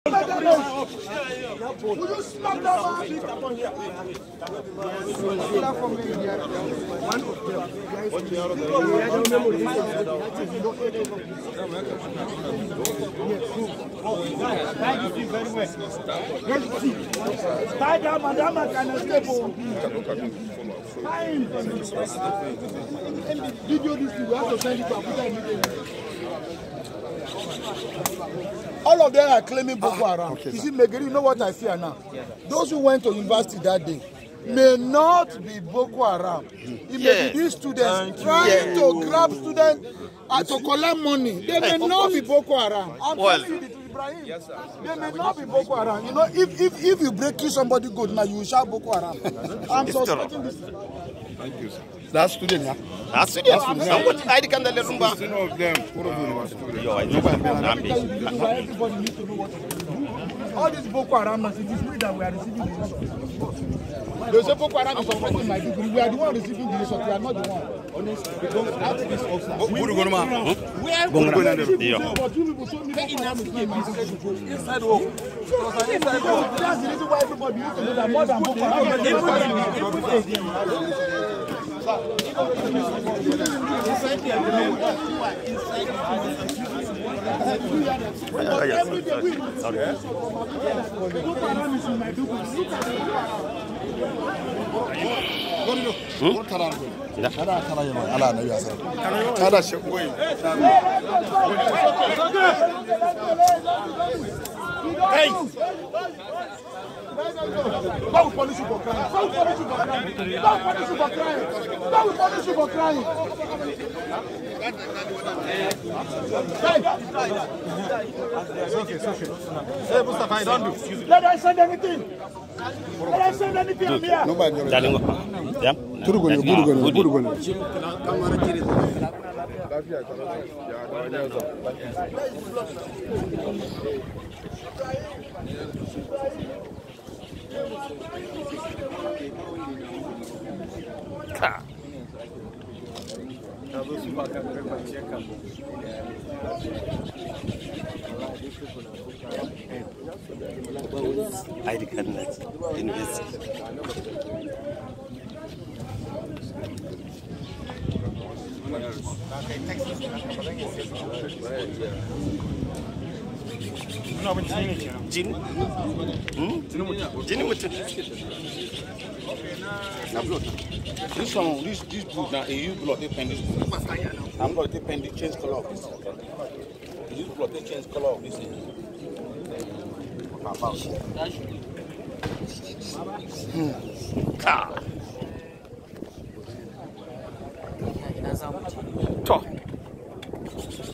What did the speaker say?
Video this, you have to All of them are claiming Boko ah, Haram. Ah, okay, you see, Megiri, you know what I fear now? Those who went to university that day may not be Boko Haram. It may yeah. be these students Thank trying you. to grab students uh, to collect money. They may hey, not be Boko Haram. I'm well. telling Ibrahim. Yes, sir. They may not be Boko Haram. You know, if if if you break somebody good now, you shall Boko Haram. I'm suspecting this. Thank you, sir. That student, yeah. That student. That student. What ID can they remember? Sixteen of them. Four of them were students. Yo, I know. Everybody needs to know what. All these Boko Haram it is we that we are receiving the instruction. They say Boko Haram is supporting my degree. We are the one receiving the instruction. We are not the one. Honestly, because out this officer. Buru Goroma. Where Buru Goroma? is not Inside work. Inside That's the reason why everybody needs to know that more than Boko Haram. Hey! Dá os polícias for crime. Dá os polícias for crime. Dá os polícias for crime. Dá os polícias for crime. It's okay, it's okay. Hey, Mustafa, I don't do. Let us send anything. Let us send anything on here. Nobody knows. Yeah. Turu gani, turu gani, turu gani. Kamara kiri. Lafiya, kamara. Ya, kamara ya. Ka. Na zo su ba ka da kwanciyar ka. jini jini mutum na blood this one this this blood na eu blood dey pending na blood dey pending change colour of this eu blood dey change colour of this thing about. Hmm.